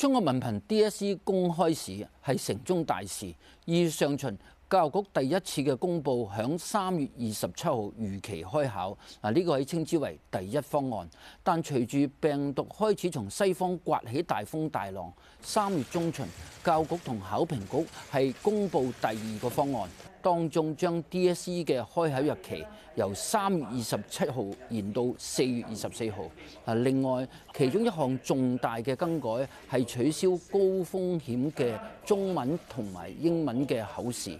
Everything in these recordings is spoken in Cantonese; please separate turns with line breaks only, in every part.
中學文憑 DSE 公開試係城中大事。二月上旬，教育局第一次嘅公佈，響三月二十七號如期開考。嗱，呢個可以稱之為第一方案。但隨住病毒開始從西方刮起大風大浪，三月中旬，教育局同考評局係公佈第二個方案。當中將 DSE 嘅開考日期由三月二十七號延到四月二十四號。啊，另外其中一項重大嘅更改係取消高風險嘅中文同埋英文嘅口試。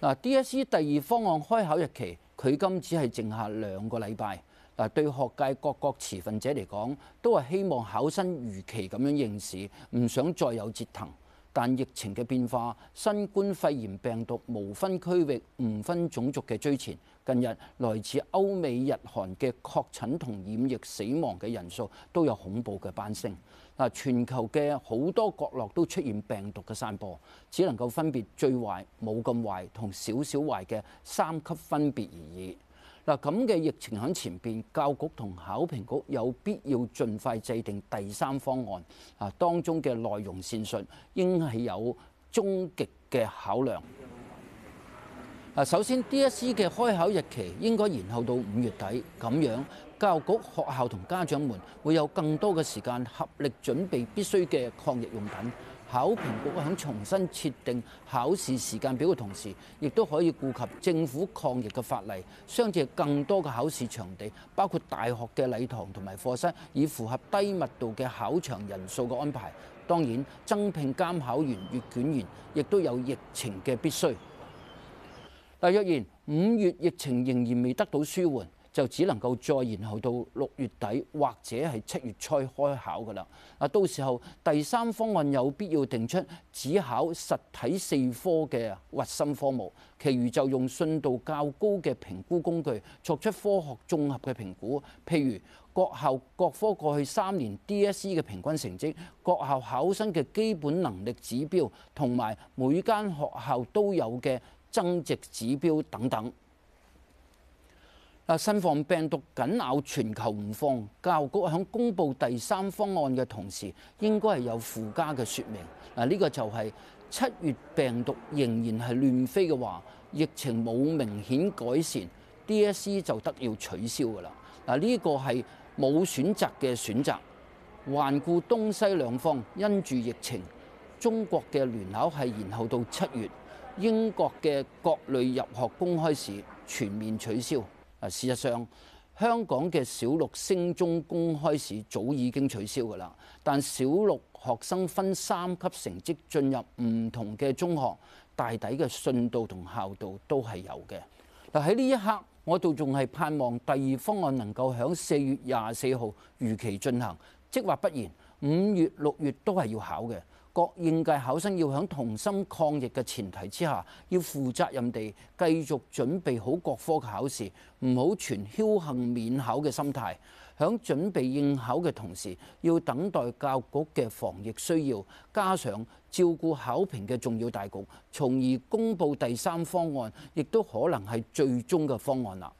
DSE 第二方案開考日期距今只係剩下兩個禮拜。嗱，對學界各個持份者嚟講，都係希望考生如期咁樣應試，唔想再有折騰。但疫情嘅變化，新冠肺炎病毒無分區域、唔分種族嘅追前，近日來自歐美日韓嘅確診同染疫死亡嘅人數都有恐怖嘅攀升。嗱，全球嘅好多角落都出現病毒嘅散播，只能夠分別最壞、冇咁壞同少少壞嘅三級分別而已。嗱，咁嘅疫情響前邊，教育局同考評局有必要盡快制定第三方案。啊，當中嘅內容線順應係有終極嘅考量。首先 DSE 嘅開考日期應該延後到五月底，咁樣教育局學校同家長們會有更多嘅時間合力準備必須嘅抗疫用品。考評局喺重新設定考試時間表嘅同時，亦都可以顧及政府抗疫嘅法例，商借更多嘅考試場地，包括大學嘅禮堂同埋課室，以符合低密度嘅考場人數嘅安排。當然，增聘監考員、閱卷員，亦都有疫情嘅必須。但若然五月疫情仍然未得到舒緩，就只能夠再延後到六月底或者係七月初開考㗎啦。啊，到時候第三方案有必要定出只考實體四科嘅核心科目，其餘就用信度較高嘅評估工具作出科學綜合嘅評估，譬如各校各科過去三年 DSE 嘅平均成績、各校考生嘅基本能力指標，同埋每間學校都有嘅增值指標等等。新放病毒緊咬全球唔放，教育局喺公布第三方案嘅同時，應該係有附加嘅說明。嗱，呢個就係七月病毒仍然係亂飛嘅話，疫情冇明顯改善，DSE 就得要取消㗎啦。嗱，呢個係冇選擇嘅選擇。環顧東西兩方，因住疫情，中國嘅聯考係延後到七月，英國嘅各類入學公開試全面取消。事實上，香港嘅小六升中公開試早已經取消㗎啦。但小六學生分三級成績進入唔同嘅中學，大抵嘅信度同效度都係有嘅。嗱，喺呢一刻，我度仲係盼望第二方案能夠喺四月廿四號如期進行。即或不然，五月六月都係要考嘅。各應屆考生要響同心抗疫嘅前提之下，要負責任地繼續準備好各科嘅考試，唔好存僥幸免考嘅心態。響準備應考嘅同時，要等待教育局嘅防疫需要，加上照顧考評嘅重要大局，從而公布第三方案，亦都可能係最終嘅方案啦。